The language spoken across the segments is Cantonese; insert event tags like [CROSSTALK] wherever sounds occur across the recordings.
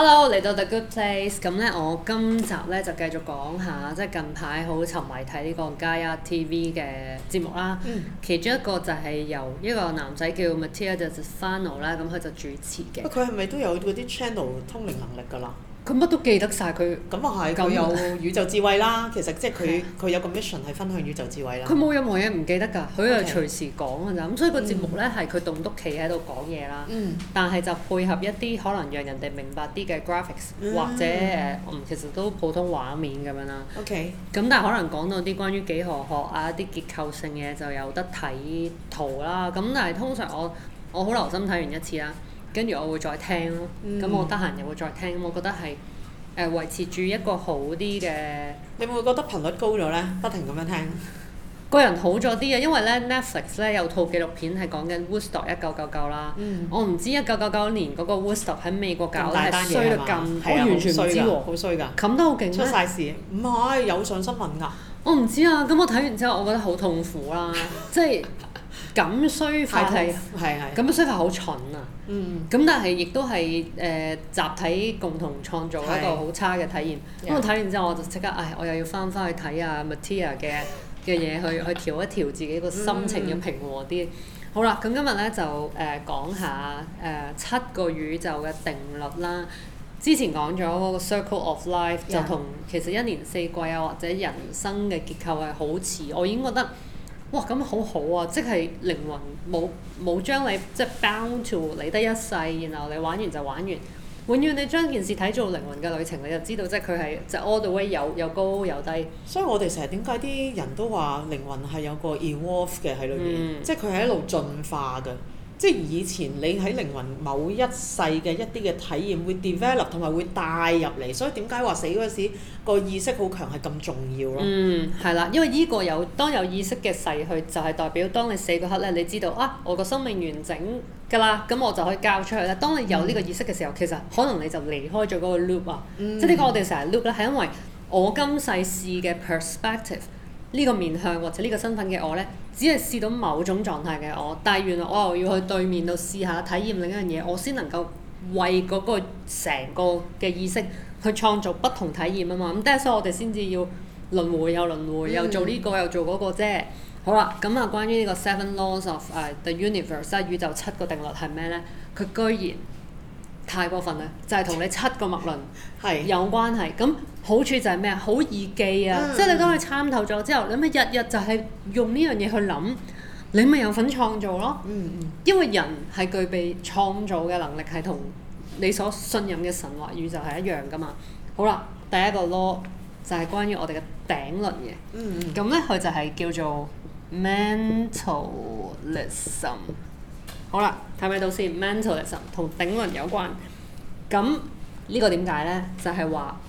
hello，嚟到 The Good Place，咁咧我今集咧就繼續講下，即係近排好沉迷睇呢個 Gaia TV 嘅節目啦。嗯、其中一個就係由一個男仔叫 Matías De Stefano 啦，咁佢就主持嘅。佢係咪都有嗰啲 channel 通靈能力㗎啦？佢乜都記得晒，佢咁啊係，佢 [NOISE] 夠有宇宙智慧啦。 [LAUGHS] 其實即係佢佢有個 mission 係分享宇宙智慧啦。佢冇任何嘢唔記得㗎，佢係隨時講㗎咋。咁所以個節目咧係佢棟篤企喺度講嘢啦，嗯、但係就配合一啲可能讓人哋明白啲嘅 graphics、嗯、或者誒，唔其實都普通畫面咁樣啦。OK。咁但係可能講到啲關於幾何學,學啊、啲結構性嘢就有得睇圖啦。咁但係通常我我好留心睇完一次啦。跟住我會再聽咯，咁、嗯、我得閒又會再聽，我覺得係誒、呃、維持住一個好啲嘅。你會唔會覺得頻率高咗呢？不停咁樣聽。個人好咗啲啊，因為咧 Netflix 咧有套紀錄片係講緊 Woodstock 一九九九啦。我唔知一九九九年嗰個 Woodstock 喺美國搞咗係衰到咁，好、啊、完全唔知喎好衰㗎。冚得好勁出曬事。唔係，有上新聞㗎。我唔知啊，咁我睇、啊、完之後我覺得好痛苦啦，即係。咁衰法係，咁樣衰法好蠢啊！咁、嗯、但係亦都係誒，集體共同創造一個好差嘅體驗。咁、嗯、我睇完之後，我就即刻唉，我又要翻翻去睇下 Matiya 嘅嘅嘢去去調一調自己個心情，要平和啲。嗯、好啦，咁今日咧就誒、呃、講下誒、呃、七個宇宙嘅定律啦。之前講咗個 Circle of Life、嗯、就同其實一年四季啊，或者人生嘅結構係好似。我已經覺得。 [NOISE] [NOISE] 哇，咁好好啊！即係靈魂冇冇將你即係 bound to 你得一世，然後你玩完就玩完。永遠你將件事睇做靈魂嘅旅程，你就知道即係佢係就 all the way 有有高有低。所以我哋成日點解啲人都話靈魂係有個 evolve 嘅喺裏面，嗯、即係佢係一路進化㗎。嗯即係以前你喺靈魂某一世嘅一啲嘅體驗會 develop 同埋會帶入嚟，所以點解話死嗰時個意識好強係咁重要咯？嗯，係啦，因為呢個有當有意識嘅逝去，就係代表當你死嗰刻咧，你知道啊，我個生命完整㗎啦，咁我就可以交出去啦。當你有呢個意識嘅時候，嗯、其實可能你就離開咗嗰個 loop 啊，嗯、即係呢個我哋成日 loop 咧，係因為我今世事嘅 perspective。呢個面向或者呢個身份嘅我呢，只係試到某種狀態嘅我，但係原來我又要去對面度試下體驗另一樣嘢，我先能夠為嗰個成個嘅意識去創造不同體驗啊嘛！咁，所以我哋先至要輪迴又輪迴，又做呢個又做嗰個啫。嗯、好啦，咁啊，關於呢個 Seven Laws of 誒、uh, The Universe、啊、宇宙七個定律係咩呢？佢居然～太過分啦，就係、是、同你七個脈輪有關係。咁是好處就係咩啊？好易記啊！嗯、即係你當佢參透咗之後，你咪日日就係用呢樣嘢去諗，你咪有份創造咯。嗯、因為人係具備創造嘅能力，係同你所信任嘅神或宇宙係一樣噶嘛。好啦，第一個 law 就係關於我哋嘅頂輪嘅。咁咧、嗯，佢就係叫做 mentalism。好啦，睇唔睇到先？mentalism 同頂輪有關。咁呢個點解呢？就係話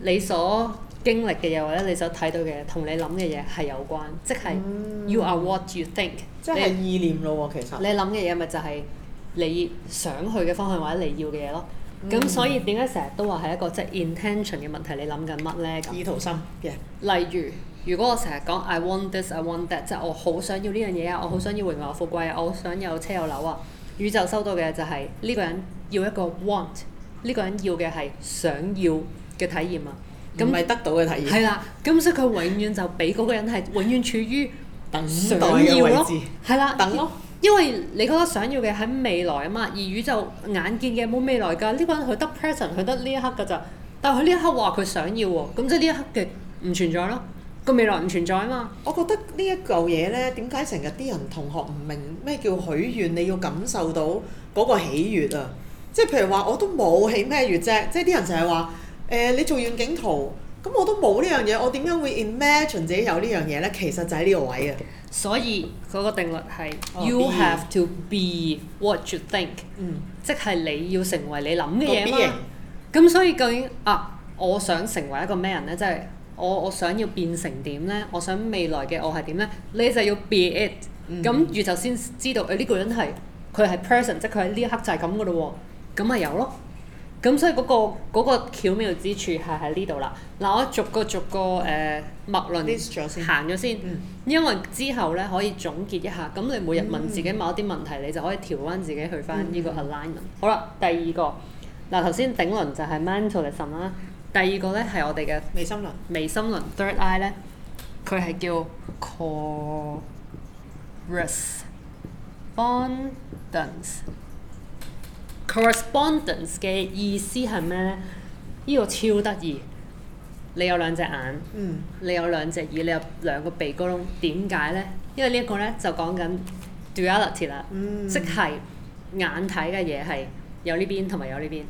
你所經歷嘅嘢或者你所睇到嘅嘢，同你諗嘅嘢係有關，嗯、即係 you are what you think 即係。即係意念咯喎，其實。你諗嘅嘢咪就係你想去嘅方向或者你要嘅嘢咯。咁、嗯、所以點解成日都話係一個即係、就是、intention 嘅問題？你諗緊乜咧？意圖心嘅。Yeah. 例如，如果我成日講 I want this, I want that，即係我好想要呢樣嘢啊！嗯、我好想要榮華富貴啊！我好想有車有樓啊！宇宙收到嘅就係、是、呢、這個人要一個 want，呢個人要嘅係想要嘅體驗啊！唔係得到嘅體驗、啊。係那 [LAUGHS] 啦，咁所以佢永遠就俾嗰個人係永遠處於要咯等等，嘅位置，係啦，等咯。因為你覺得想要嘅喺未來啊嘛，而宇宙眼見嘅冇未來㗎，呢個人佢得 present，佢得呢一刻㗎咋，但係佢呢一刻話佢想要喎，咁即係呢一刻嘅唔存在咯，個未來唔存在啊嘛。我覺得呢一嚿嘢呢，點解成日啲人同學唔明咩叫許願？你要感受到嗰個喜悅啊！即係譬如話，我都冇喜咩悅啫，即係啲人成日話，誒、呃、你做遠景圖，咁我都冇呢樣嘢，我點樣會 imagine 自己有呢樣嘢呢？其實就喺呢個位啊！Okay. 所以嗰、那個定律係、oh, You have be. to be what you think，、mm hmm. 即係你要成為你諗嘅嘢，咁所以究竟啊，我想成為一個咩人呢？即、就、係、是、我我想要變成點呢？我想未來嘅我係點呢？你就要 be it，咁宇宙先知道誒呢、呃這個人係佢係 person，即係佢喺呢一刻、哦、就係咁嘅嘞喎，咁咪有咯。咁、嗯、所以嗰、那個那個巧妙之處係喺呢度啦。嗱，我逐個逐個誒脈輪行咗先，嗯、因為之後咧可以總結一下。咁你每日問自己某一啲問題，嗯、你就可以調翻自己去翻呢個 alignment。嗯、好啦，第二個嗱頭先頂輪就係 mentalism 啦，第二個咧係我哋嘅眉心輪。眉心輪 third eye 咧，佢係叫 correspondence。correspondence 嘅意思係咩呢？呢個超得意！你有兩隻眼，mm. 你有兩隻耳，你有兩個鼻窿，點解呢？因為呢一個呢，就講緊 duality 啦，mm. 即係眼睇嘅嘢係有呢邊同埋有呢邊，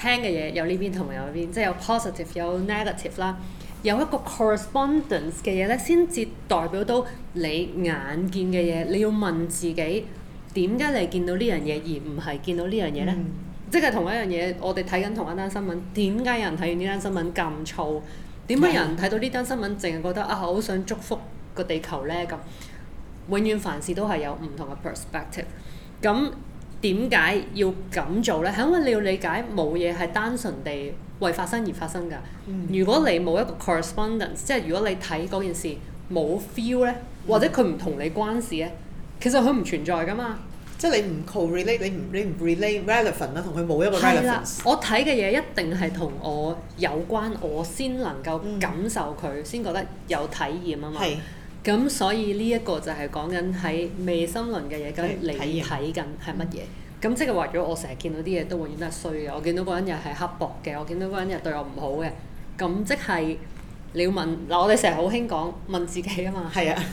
聽嘅嘢有呢邊同埋有呢邊，即係有 positive 有 negative 啦，有一個 correspondence 嘅嘢呢，先至代表到你眼見嘅嘢，mm. 你要問自己。點解你見到呢樣嘢而唔係見到呢樣嘢呢？Mm hmm. 即係同一樣嘢，我哋睇緊同一單新聞。點解有人睇完呢單新聞咁燥？點解人睇到呢單新聞淨係覺得：「啊，好想祝福個地球呢！」咁？永遠凡事都係有唔同嘅 perspective。咁點解要咁做呢？係因為你要理解冇嘢係單純地為發生而發生㗎。Mm hmm. 如果你冇一個 correspondence，即係如果你睇嗰件事冇 feel 呢，或者佢唔同你關事呢。其實佢唔存在噶嘛即，即係你唔 c a l l relate，你唔你唔 relate relevant 啊，同佢冇一個 r e 我睇嘅嘢一定係同我有關，我先能夠感受佢，嗯、先覺得有體驗嘛是啊嘛。咁所以呢一個就係講緊喺未心輪嘅嘢，究、就、住、是、你睇緊係乜嘢？咁即係話咗，我成日見到啲嘢都會演得衰嘅。我見到嗰日係刻薄嘅，我見到嗰日對我唔好嘅，咁即係你要問嗱，我哋成日好興講問自己啊嘛。係是啊，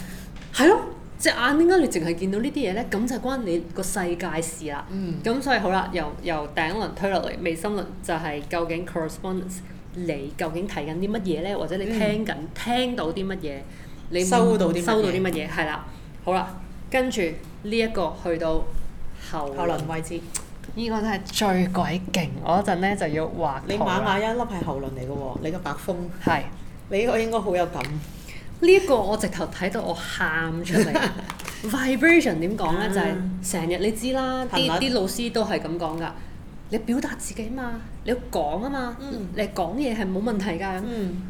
係咯。即眼點解你淨係見到呢啲嘢咧？咁就關你個世界事啦。咁、嗯、所以好啦，由由頂輪推落嚟，眉心輪就係究竟 correspondence 你究竟睇緊啲乜嘢咧？或者你聽緊、嗯、聽到啲乜嘢？你收到啲收到啲乜嘢？係啦，好啦，跟住呢一個去到喉輪，喉輪位置。呢個真係最鬼勁！我嗰陣咧就要話你。你晚晚一粒係喉輪嚟嘅喎，是你個白風係你呢個應該好有感。呢一個我直頭睇到我喊出嚟 [LAUGHS] ，vibration 點講呢？Uh, 就係成日你知啦，啲啲、嗯、老師都係咁講噶。你表達自己嘛，你講啊嘛，嗯、你講嘢係冇問題㗎。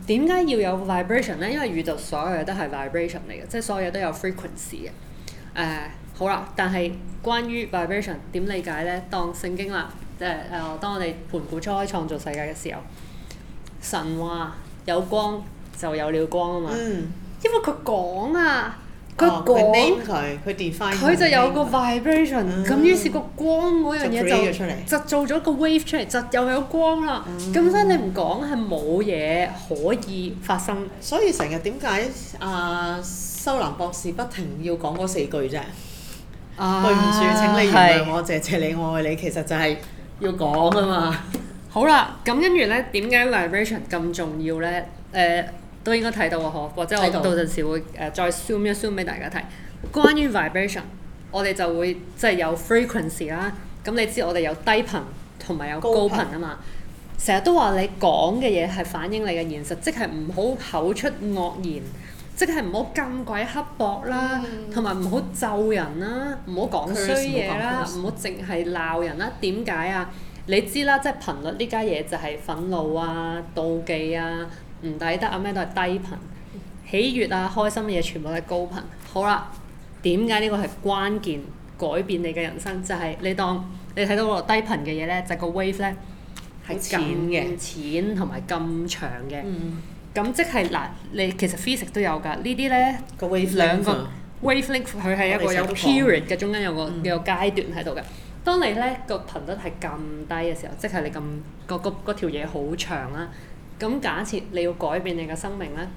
點解、嗯、要有 vibration 呢？因為宇宙所有嘢都係 vibration 嚟嘅，即係所有嘢都有 frequency 嘅。誒、呃、好啦，但係關於 vibration 點理解呢？當聖經啦，即係、呃，當我哋盤古初開創造世界嘅時候，神話有光就有了光啊嘛。嗯因為佢講啊，佢講佢 define 佢就有個 vibration，咁於是個光嗰樣嘢就就做咗個 wave 出嚟，就又有光啦。咁所以你唔講，係冇嘢可以發生。所以成日點解阿修蘭博士不停要講嗰四句啫？對唔住，請你原諒我，謝謝你，我愛你，其實就係要講啊嘛。好啦，咁跟住咧，點解 vibration 咁重要咧？誒？都應該睇到啊。嗬，或者我到陣時會誒、呃、再 zoom 一 zoom 俾大家睇。關於 vibration，我哋就會即係、就是、有 frequency 啦、啊。咁、嗯、你知我哋有低頻同埋有，有高頻啊嘛。成日都話你講嘅嘢係反映你嘅現實，即係唔好口出惡言，即係唔好咁鬼刻薄啦，同埋唔好咒人啦、啊，唔好講衰嘢啦，唔好淨係鬧人啦、啊。點解啊？你知啦，即係頻率呢家嘢就係憤怒啊、妒忌啊。唔抵得啊！咩都係低頻，喜悅啊、開心嘅嘢全部都係高頻。好啦，點解呢個係關鍵改變你嘅人生？就係、是、你當你睇到個低頻嘅嘢咧，就係、個 wave 咧係咁嘅，淺同埋咁長嘅。咁、嗯嗯、即係嗱，你其實 physics 都有㗎。呢啲咧個 wave 兩個、啊、wavelength 佢係一個有 period 嘅中間有個有個階段喺度嘅。當你咧個頻率係咁低嘅時候，即、就、係、是、你咁個個嗰條嘢好長啦。咁假設你要改變你嘅生命咧，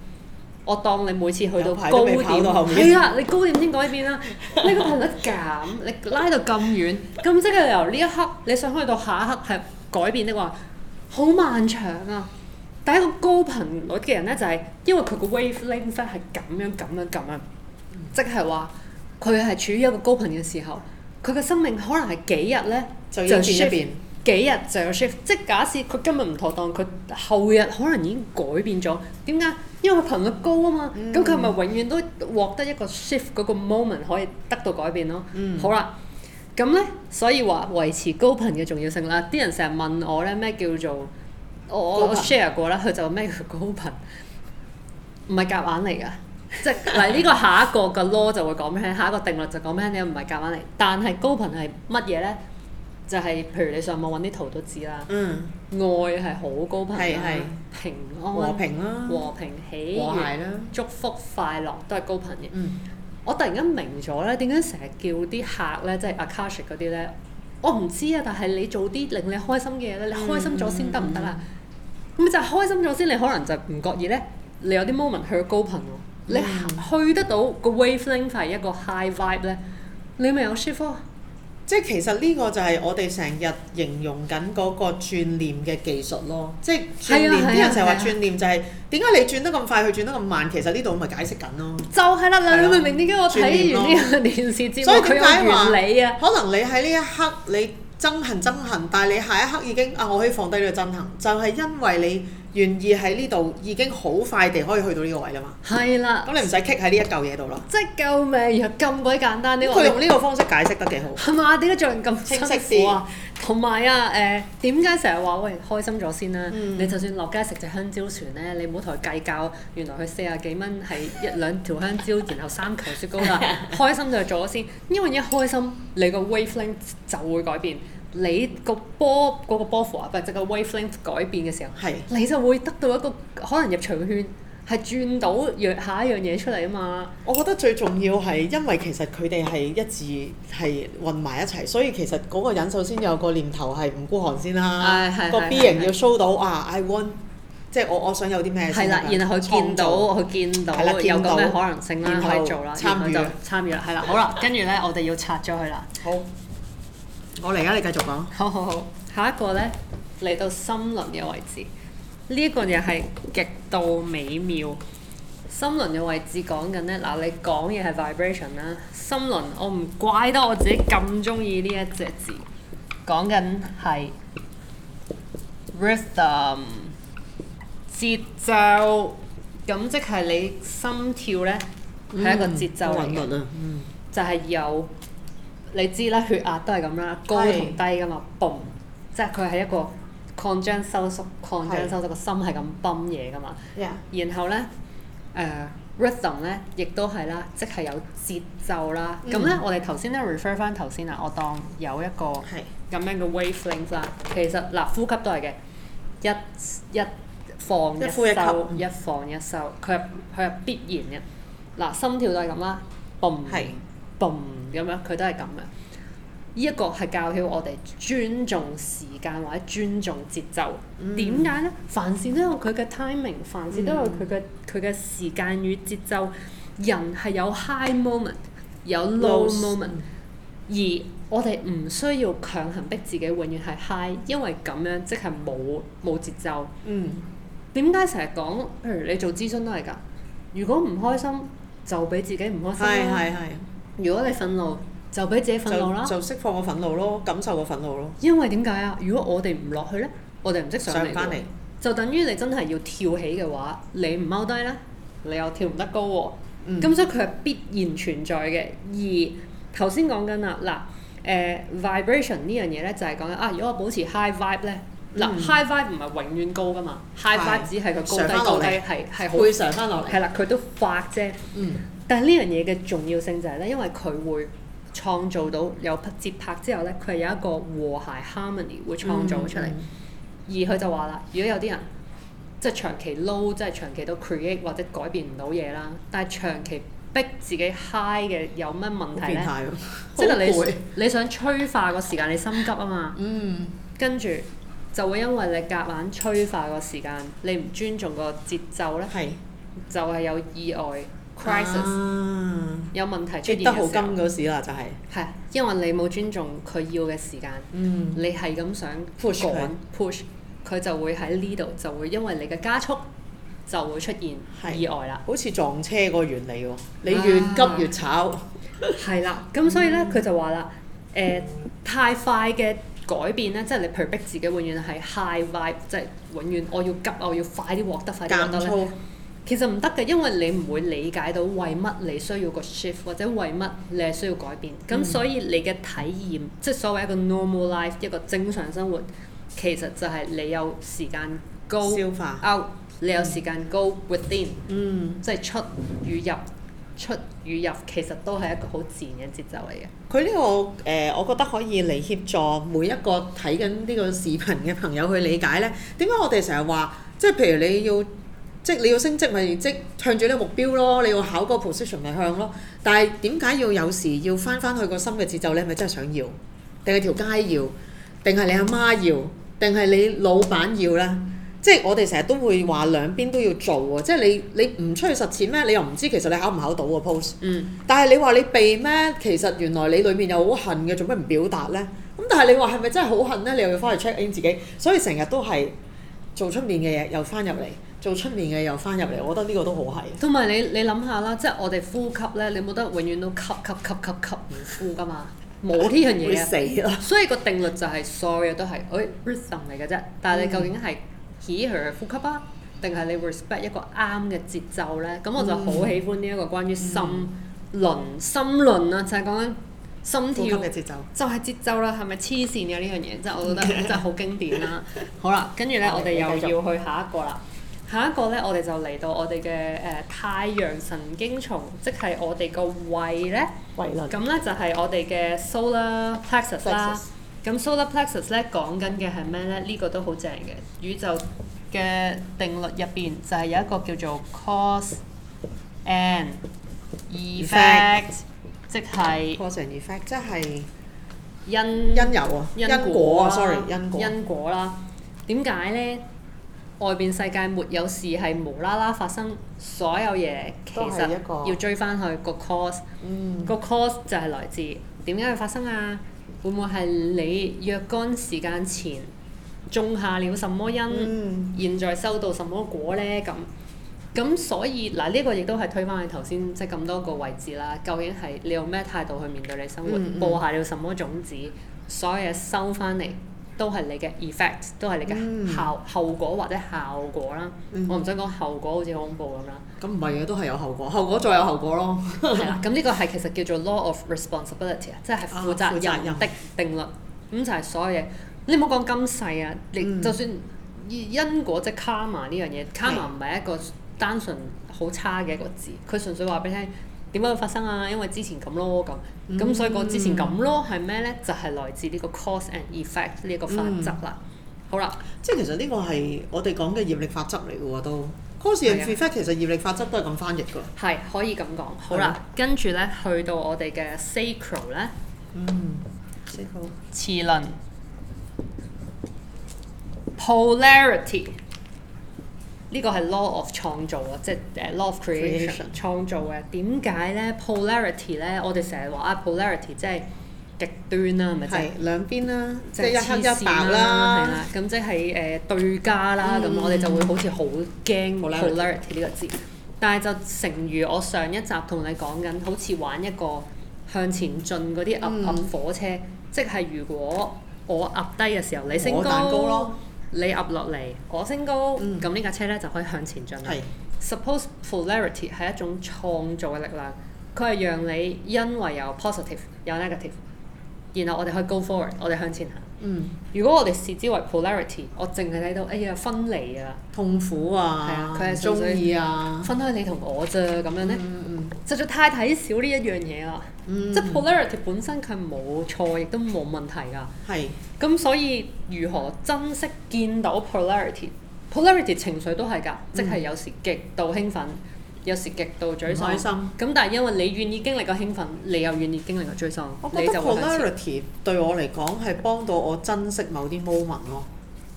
我當你每次去到高點，係啊，你高點先改變啦、啊。呢 [LAUGHS] 個頻率咁，你拉到咁遠，咁即係由呢一刻你想去到下一刻係改變的話，好漫長啊！第一個高頻率嘅人咧、就是，就係因為佢個 wave length 係咁樣咁樣咁樣，即係話佢係處於一個高頻嘅時候，佢嘅生命可能係幾日咧就變一變。 [LAUGHS] 幾日就有 shift，即係假設佢今日唔妥當，佢後日可能已經改變咗。點解？因為佢頻率高啊嘛。咁佢咪永遠都獲得一個 shift 嗰個 moment 可以得到改變咯？嗯、好啦，咁咧，所以話維持高頻嘅重要性啦。啲人成日問我咧，咩叫做我 share 過啦，佢就咩叫高頻？唔係夾硬嚟噶，即係嗱呢個下一個嘅 law 就會講咩，下一個定律就講咩，你又唔係夾硬嚟。但係高頻係乜嘢咧？就係，譬如你上網揾啲圖都知啦。嗯，愛係好高頻嘅。係係平安。和平、啊、和平啦。和平喜。和諧啦。祝福快樂都係高頻嘅。嗯、我突然間明咗咧，點解成日叫啲客咧，即係阿卡西嗰啲咧，我唔知啊。但係你做啲令你開心嘅嘢咧，你開心咗先得唔得啊？咁、嗯嗯、就開心咗先，你可能就唔覺意咧，你有啲 moment 去高頻喎。你去得到個 wavelength 係一個 high vibe 咧，你咪有舒服。即係其實呢個就係我哋成日形容緊嗰個轉念嘅技術咯，即係轉念，啲、啊啊啊啊、人成日話轉念就係點解你轉得咁快，佢轉得咁慢？其實呢度咪解釋緊咯，就係啦，你、啊、明唔明點解我睇完呢個電視節目，所以點解話你啊，可能你喺呢一刻你。憎恨，憎恨，但係你下一刻已經啊，我可以放低呢個憎恨，就係、是、因為你願意喺呢度，已經好快地可以去到呢個位啦嘛。係啦的，咁你唔使棘喺呢一嚿嘢度啦。即係救命然後咁鬼簡單呢、這個。佢它用呢個方式解釋得幾好。係嘛？點解做人咁辛苦清晰啊？同、呃、埋啊，誒點解成日話喂開心咗先啦？你就算落街食隻香蕉船咧，你唔好同佢計較，原來佢四十幾蚊係一 [LAUGHS] 兩條香蕉，然後三球雪糕啦。開心就係咗先，因為一開心你個 wave length 就會改變。你波個波嗰個波幅啊，或者個 wavelength 改變嘅時候，你就會得到一個可能入場圈係轉到若下一樣嘢出嚟啊嘛。我覺得最重要係因為其實佢哋係一致，係混埋一齊，所以其實嗰個人首先有個念頭係唔孤寒先啦、哎。個 B 型要 show 到啊，I want，即係我我想有啲咩先啦。然後佢見到佢創造 見到，見到有個咩可能性啦，可以做啦，參與參與啦， [LAUGHS] 係啦，好啦，跟住咧我哋要拆咗佢啦。好。我嚟啊！你繼續講。好好好，下一個呢，嚟到心輪嘅位置，呢個又係極度美妙。心輪嘅位置講緊呢，嗱你講嘢係 vibration 啦，心輪我唔怪得我自己咁中意呢一隻字，講緊係 rhythm 節奏，咁即係你心跳呢，係一個節奏嚟嘅，嗯嗯、就係有。你知啦，血壓都係咁啦，高同低噶嘛，boom，< 是 S 1> 即係佢係一個擴張收縮、擴張收縮，個心係咁泵嘢噶嘛。Yeah. 然後咧，誒、uh, rhythm 咧，亦都係啦，即係有節奏啦。咁咧、嗯，我哋頭先咧 refer 翻頭先啦，我當有一個咁是 樣嘅 wavelength 啦。其實嗱，呼吸都係嘅，一一,一放，一，放一收，嗯、一放，一，放一收，佢係佢係必然嘅。嗱，心跳都係咁啦，boom。咁咁樣，佢都係咁嘅。呢一個係教曉我哋尊重時間或者尊重節奏。點解、嗯、呢？凡事都有佢嘅 timing，凡事都有佢嘅佢嘅時間與節奏。嗯、人係有 high moment 有 low moment，ose 而我哋唔需要強行逼自己永遠係 high，因為咁樣即係冇冇節奏。嗯，點解成日講？譬如你做諮詢都係㗎，如果唔開心就俾自己唔開心啦、啊。係係。如果你憤怒，就俾自己憤怒啦！就釋放個憤怒咯，感受個憤怒咯。因為點解啊？如果我哋唔落去咧，我哋唔識上唔翻嚟，就等於你真係要跳起嘅話，你唔踎低咧，你又跳唔得高喎。咁所以佢係必然存在嘅。而頭先講緊啦，嗱，誒 vibration 呢樣嘢咧，就係講緊啊。如果我保持 high vibe 咧，嗱，high vibe 唔係永遠高噶嘛，high vibe 只係佢高低落低，係係會上翻落嚟。係啦，佢都發啫。嗯。但係呢樣嘢嘅重要性就係咧，因為佢會創造到有拍節拍之後咧，佢係有一個和諧 harmony 會創造出嚟。嗯嗯、而佢就話啦，如果有啲人即係、就是、長期 low 即係長期都 create 或者改變唔到嘢啦。但係長期逼自己 high 嘅有乜問題咧？啊、即係你累你想催化個時間，你心急啊嘛。嗯。跟住就會因為你夾硬，硬催化個時間，你唔尊重個節奏咧，係是就係有意外。crisis、ah, 有問題出現嘅時候，得好急嗰時啦、就是，就係係因為你冇尊重佢要嘅時間，mm. 你係咁想 push 佢，它就會喺呢度就會因為你嘅加速就會出現意外啦。好似撞車個原理喎，你越急越炒係啦。咁、ah, [LAUGHS] 所以咧佢、mm. 就話啦，誒、呃、太快嘅改變咧，mm. 即係你譬如逼自己永遠係 high vibe，即係永遠我要急，我要快啲獲得，快啲獲得咧。其實唔得嘅，因為你唔會理解到為乜你需要個 shift，或者為乜你係需要改變。咁所以你嘅體驗，嗯、即係所謂一個 normal life，一個正常生活，其實就係你有時間 go 消化 out，你有時間 go within，嗯、即係出與入，出與入，其實都係一個好自然嘅節奏嚟嘅。佢呢、呢個誒、呃，我覺得可以嚟協助每一個睇緊呢個視頻嘅朋友去理解咧。點解我哋成日話，即係譬如你要？即係你要升職咪，即向住呢個目標咯。你要考嗰個 position 咪向咯。但係點解要有時要翻翻去個新嘅節奏？你係咪真係想要？定係條街要？定係你阿媽要？定係你老闆要呢？即係我哋成日都會話兩邊都要做喎。即係你你唔出去實踐咩？你又唔知其實你考唔考到個 post。嗯。但係你話你避咩？其實原來你裡面有好恨嘅，做咩唔表達呢？咁但係你話係咪真係好恨呢？你又要翻去 check in 自己，所以成日都係做出面嘅嘢，又翻入嚟。做出面嘅又翻入嚟，我覺得呢個都好係。同埋你你諗下啦，即係我哋呼吸咧，你冇得永遠都吸吸吸吸吸唔呼噶嘛，冇呢樣嘢啊。 [LAUGHS] 死咯 了！所以個定律就係，所有嘢都係，誒，rhythm 嚟嘅啫。但係你究竟係 hit 佢呼吸啊，定係你 respect 一個啱嘅節奏咧？咁我就好喜歡呢一個關於心律、 [LAUGHS] 嗯嗯嗯、心律啦，就係講緊心跳嘅節奏。就係節奏啦，係咪黐線啊？呢樣嘢即係我覺得真係好經典啦。 [LAUGHS] 好啦，跟住咧，我哋又續要去下一個啦。下一個咧，我哋就嚟到我哋嘅誒太陽神經叢，即係我哋個胃咧。咁咧了就係、是、我哋嘅 solar plexus 啦、啊。咁 lex solar plexus 咧講緊嘅係咩咧？呢、這個都好正嘅，宇宙嘅定律入邊就係有一個叫做 cause and effect，effect. 即係。cause and effect 即因。即係因因由啊，因果，因果啊，sorry，因果。因果啦、啊，點解咧？外邊世界沒有事係無啦啦發生，所有嘢其實要追翻去個 cause，個、嗯、cause 就係來自點解會發生啊？會唔會係你若干時間前種下了什麼因，嗯、現在收到什麼果呢？咁咁所以嗱，呢、啊這個亦都係推翻你頭先即係咁多個位置啦。究竟係你用咩態度去面對你生活，嗯、播下了什麼種子，嗯、所有嘢收翻嚟。都係你嘅 effect，都係你嘅效後果或者效果啦。我唔想講後果，好似好恐怖咁啦。咁唔係嘅，都係有後果，後果再有後果咯。係啦，咁呢個係其實叫做 law of responsibility 啊，即係負責人的定律。咁就係所有嘢，你唔好講咁細啊。你就算因果即係 karma 呢樣嘢，karma 唔係一個單純好差嘅一個字，佢純粹話俾你聽。點解會發生啊？因為之前咁咯，咁咁、嗯、所以個之前咁咯，係咩咧？就係、是、來自呢個 cause and effect 呢一個法則啦。嗯、好啦了，即係其實呢個係我哋講嘅業力法則嚟嘅喎都。的 cause and effect 其實業力法則都係咁翻譯嘅。係可以咁講。好啦，跟住咧去到我哋嘅 sacral 咧。嗯，sacral。磁輪。Polarity、嗯。Polarity, 呢個係 law of 創造啊，即係誒 law of creation 創造嘅。點解咧？polarity 咧，我哋成日話啊，polarity 即係極端啦，咪即係兩邊啦、啊，即係、啊、一黑一白啦，係、就是呃、啦。咁即係誒對家啦，咁我哋就會好似好驚 polarity 呢個字。但係就誠如我上一集同你講緊，好似玩一個向前進嗰啲壓壓火車，即、就、係、是、如果我壓低嘅時候，你升高。你壓落嚟，我升高，咁呢架車咧就可以向前進。是 Suppose polarity 係一種創造嘅力量，佢係讓你因為有 positive 有 negative，然後我哋可以 go forward，我哋向前行。嗯、如果我哋視之為 polarity，我淨係睇到哎呀分離啊，痛苦啊，佢係中意啊，水水水分，啊分開你同我啫，咁樣咧。嗯實在太睇少呢一樣嘢啦，嗯、即係 polarity 本身佢冇錯，亦都冇問題㗎。係是，咁所以如何珍惜見到 polarity？polarity pol 情緒都係㗎，嗯、即係有時極度興奮，有時極度沮喪。咁但係因為你願意經歷個興奮，你又願意經歷個沮喪。我覺得 polarity 對我嚟講係幫到我珍惜某啲 moment 咯。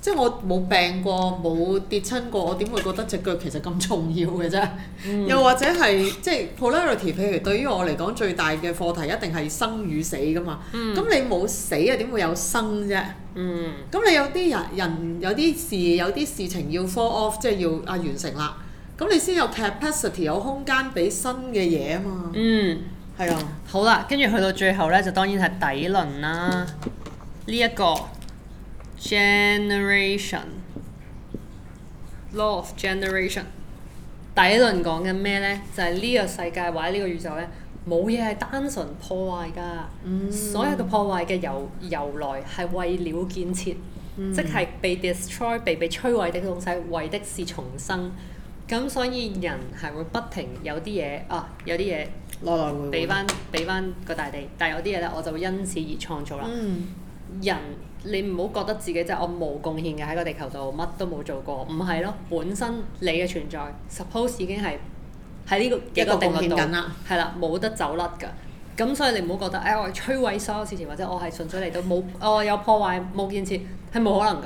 即係我冇病過，冇跌親過，我點會覺得隻腳其實咁重要嘅啫？嗯、又或者係即係 polarity 譬如對於我嚟講，最大嘅課題一定係生與死噶嘛。咁、嗯、你冇死啊，點會有生啫？咁、嗯、你有啲人人有啲事有啲事情要 fall off，即係要啊完成啦。咁你先有 capacity，有空間俾新嘅嘢啊嘛。嗯，係啊。好啦，跟住去到最後咧，就當然係底輪啦。呢、這、一個。Generation，Law of Generation。第一輪講緊咩呢？就係、是、呢個世界或者呢個宇宙呢，冇嘢係單純破壞㗎。嗯、所有嘅破壞嘅由由來係為了建設，嗯、即係被 destroy、被被摧毀的東西，為的是重生。咁所以人係會不停有啲嘢啊，有啲嘢攞攞，俾翻俾翻個大地，但係有啲嘢呢，我就會因此而創造啦。嗯人，你唔好覺得自己即係、就是、我冇貢獻嘅喺個地球度乜都冇做過，唔係咯，本身你嘅存在，suppose 已經係喺呢個一個定律度，係啦，冇得走甩㗎。咁所以你唔好覺得誒、哎、我係摧毀所有事情，或者我係純粹嚟到冇我、哦、有破壞冇建設係冇可能㗎，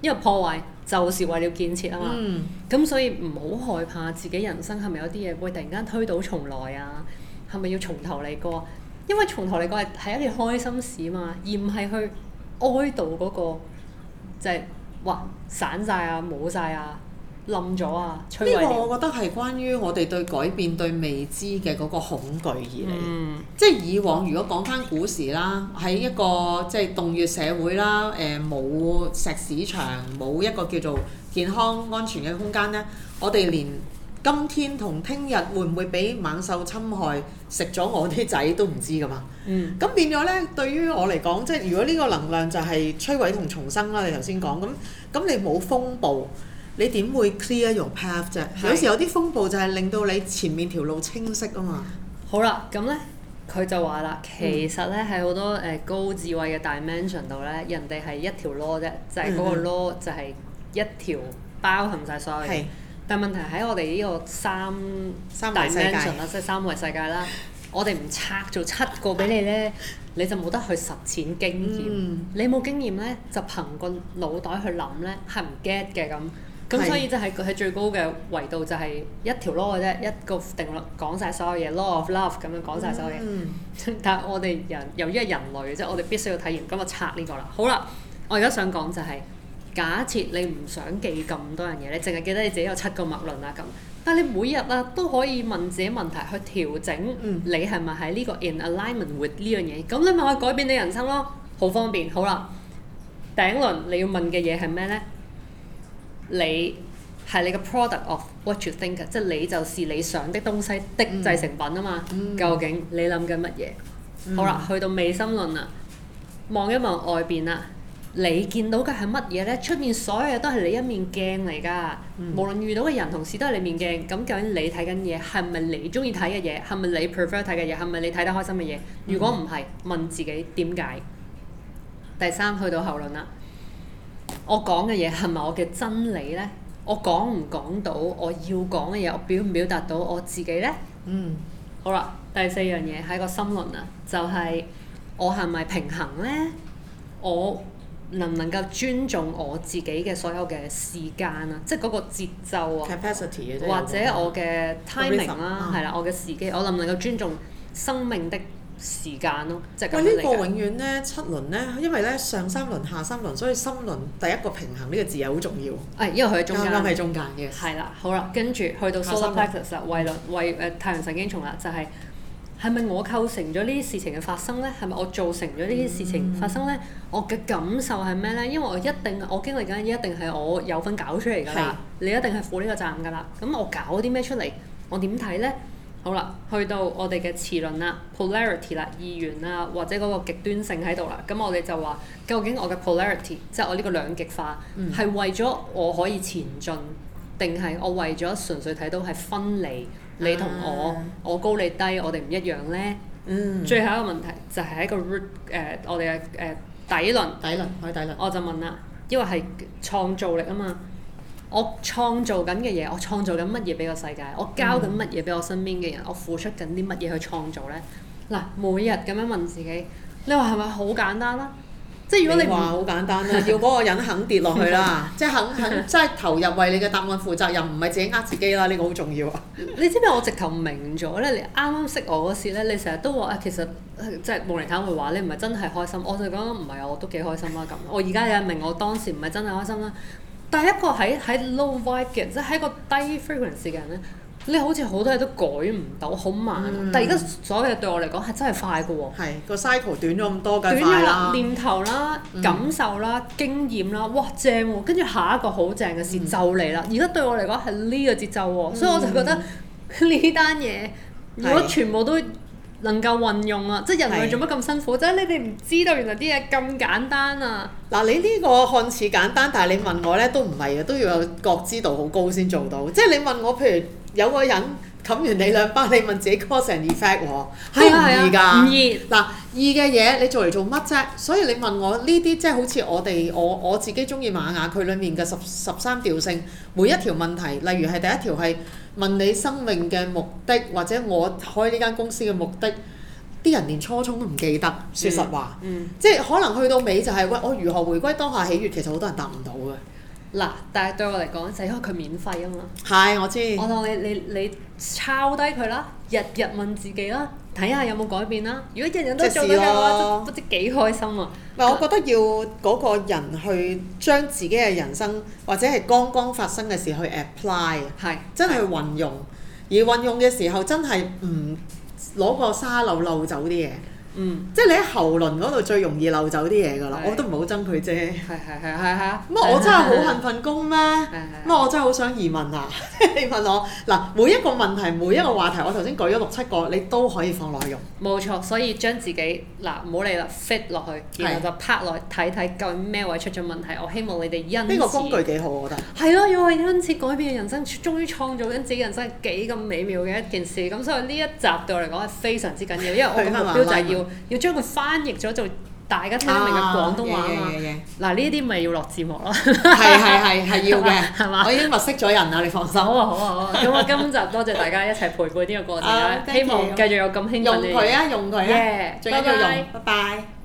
因為破壞就是為了建設啊嘛。咁、嗯、所以唔好害怕自己人生係咪有啲嘢會突然間推倒重來啊？係咪要從頭嚟過？因為從頭嚟講係係一件開心事啊嘛，而唔係去哀悼嗰、那個就係、是、話散晒啊、冇晒啊、冧咗啊。呢個我覺得係關於我哋對改變、對未知嘅嗰個恐懼而嚟。嗯，即係以往如果講返古時啦，喺、嗯、一個即係、就是、洞穴社會啦，誒、呃、冇石市場、冇一個叫做健康安全嘅空間咧，我哋連。今天同聽日會唔會俾猛獸侵害食咗我啲仔都唔知噶嘛？嗯，咁變咗咧，對於我嚟講，即係如果呢個能量就係摧毀同重生啦，你頭先講咁，咁你冇風暴，你點會 clear your path 啫？是有時有啲風暴就係令到你前面條路清晰啊嘛。好啦，咁咧佢就話啦，其實咧喺好多誒、呃、高智慧嘅 dimension 度咧，人哋係一條 law 啫，的嗯、就係嗰個 law 就係一條包含曬所有嘢。但問題喺我哋呢個三大 dimension 啦，即係三維世界啦。界 [LAUGHS] 我哋唔拆，做七個俾你咧， [LAUGHS] 你就冇得去實踐經驗。嗯、你冇經驗咧，就憑個腦袋去諗咧，係唔 get 嘅咁。咁所以就係喺最高嘅維度，就係一條 law 嘅啫，一個定律講晒所有嘢，law of love 咁樣講晒所有嘢。嗯、 [LAUGHS] 但係我哋人由於係人類，即係我哋必須要體驗，咁就拆呢個啦。好啦，我而家想講，想講就係。假設你唔想記咁多樣嘢，你淨係記得你自己有七個脈輪啊咁，但係你每日啊都可以問自己問題去調整，你係咪喺呢個 in alignment with 呢樣嘢？咁、嗯、你咪可以改變你人生咯，好方便。好啦，頂輪你要問嘅嘢係咩呢？你係你嘅 product of what you think，即係你就是你想的東西的製成品啊嘛。嗯嗯、究竟你諗緊乜嘢？好啦，嗯、去到尾心輪啊，望一望外邊啊。你見到嘅係乜嘢呢？出面所有嘢都係你一面鏡嚟㗎，嗯、無論遇到嘅人同事都係你面鏡。咁究竟你睇緊嘢係咪你中意睇嘅嘢？係咪你 prefer 睇嘅嘢？係咪你睇得開心嘅嘢？如果唔係，問自己點解？嗯、第三去到後論啦，我講嘅嘢係咪我嘅真理呢？我講唔講到我要講嘅嘢？我表唔表達到我自己呢？嗯。好啦，第四樣嘢係個心論啊，就係、係、我係咪平衡呢？我。能唔能夠尊重我自己嘅所有嘅時間啊？即係嗰個節奏啊，Capacity 或者我嘅 timing 啦、啊，係啦、啊，我嘅時機，我能唔能夠尊重生命嘅時間咯、啊？咁呢、哎呢個永遠咧七輪咧，因為咧上三輪下三輪，所以心輪第一個平衡呢個字係好重要、啊。係，因為佢喺中間。剛喺中間嘅。係、yes、啦，好啦，跟住去到 Solar Plexus 為輪為誒太陽神經叢啦，就係、是。係咪我構成咗呢啲事情嘅發生呢？係咪我造成咗呢啲事情發生呢？嗯、我嘅感受係咩呢？因為我一定我經歷緊嘅嘢一定係我有份搞出嚟㗎啦，是你一定係負呢個責任㗎啦。咁我搞啲咩出嚟？我點睇呢？好啦，去到我哋嘅詞論啦，polarity 啦，意願啦，或者嗰個極端性喺度啦。咁我哋就話，究竟我嘅 polarity，即係我呢個兩極化，係、嗯、為咗我可以前進，定係我為咗純粹睇到係分離？你同我，啊、我高你低，我哋唔一樣呢。嗯。最後一個問題就係一個 root，誒、呃，我哋嘅誒底輪。底輪，底輪。我就問啦，因為係創造力啊嘛，我創造緊嘅嘢，我創造緊乜嘢俾個世界？我交緊乜嘢俾我身邊嘅人？嗯、我付出緊啲乜嘢去創造呢？嗱，每日咁樣問自己，你話係咪好簡單啦？即係如果你話好簡單啦、啊， [LAUGHS] 要嗰個人肯跌落去啦， [LAUGHS] 即係肯肯即係投入為你嘅答案負責任，唔係 [LAUGHS] 自己呃自己啦，呢、呢個好重要啊你！你知唔知我直頭明咗咧？你啱啱識我嗰時咧，你成日都話啊，其實即係夢妮妲會話你唔係真係開心，我就講唔係啊，我都幾開心啦咁。我而家又明我當時唔係真係開心啦。但係一個喺喺 low vibe 嘅即係喺個低 frequency 嘅人咧。你好似好多嘢都改唔到，好慢。嗯、但係而家所有嘢對我嚟講係真係快嘅喎、哦。係個 cycle 短咗咁多㗎啦。短咗、快咗念頭啦、嗯、感受啦、經驗啦，哇正喎、啊！跟住下一個好正嘅事就嚟啦。而家、嗯、對我嚟講係呢個節奏喎、哦，嗯、所以我就覺得呢單嘢如果全部都。能夠運用啊，即係人類做乜咁辛苦啊？真係是的 你哋唔知道，原來啲嘢咁簡單啊！嗱，你呢個看似簡單，但係你問我咧都唔係嘅，都要有覺知度好高先做到。即係你問我，譬如有個人。冚完你兩巴，你問自己 cause and effect 喎，都唔易㗎。唔、啊啊、易嗱，易嘅嘢你做嚟做乜啫？所以你問我呢啲，即係好似我哋我我自己中意馬雅，佢裡面嘅十十三調性，每一條問題，嗯、例如係第一條係問你生命嘅目的，或者我開呢間公司嘅目的，啲人連初衷都唔記得。說實話，嗯嗯、即係可能去到尾就係、是、喂我如何回歸當下喜悅，其實好多人答唔到嘅。嗱，但係對我嚟講就係因為佢免費啊嘛。係，我知。我當你你你，你抄低佢啦，日日問自己啦，睇下有冇改變啦。如果人人都做到嘅話，不知幾開心啊！唔係，我覺得要嗰個人去將自己嘅人生或者係剛剛發生嘅事去 apply 係是真係去運用，的而運用嘅時候真係唔攞個沙漏漏走啲嘢。嗯，即係你喺喉嚨嗰度最容易漏走啲嘢㗎啦，我都唔好憎佢啫。係係係係係。乜我真係好恨份工咩？乜我真係好想移民啊！ [LAUGHS] 你問我嗱，每一個問題、每一個話題，我頭先舉咗六七個，你都可以放落去用。冇錯，所以將自己嗱唔好理啦 fit 落去，然後就拍落去睇睇究竟咩位出咗問題。我希望你哋因呢邊個工具幾好？我覺得。係咯，因為因此改變嘅人生，終於創造緊自己人生係幾咁美妙嘅一件事。咁所以呢一集對我嚟講係非常之緊要，因為我要將佢翻譯咗做大家聽明嘅廣東話啊嘅。嗱呢啲咪要落字幕咯，係係係係要嘅，係嘛？我已經物色咗人啦，你放心啊， [LAUGHS] 好啊好啊，咁我今集多謝大家一齊陪伴呢個過程啦， [LAUGHS] uh, thank you. 希望繼續有咁興奮嘅、啊，用佢啊 [MUSIC] 用佢啊，bye、啊、Yeah , b 拜，拜。e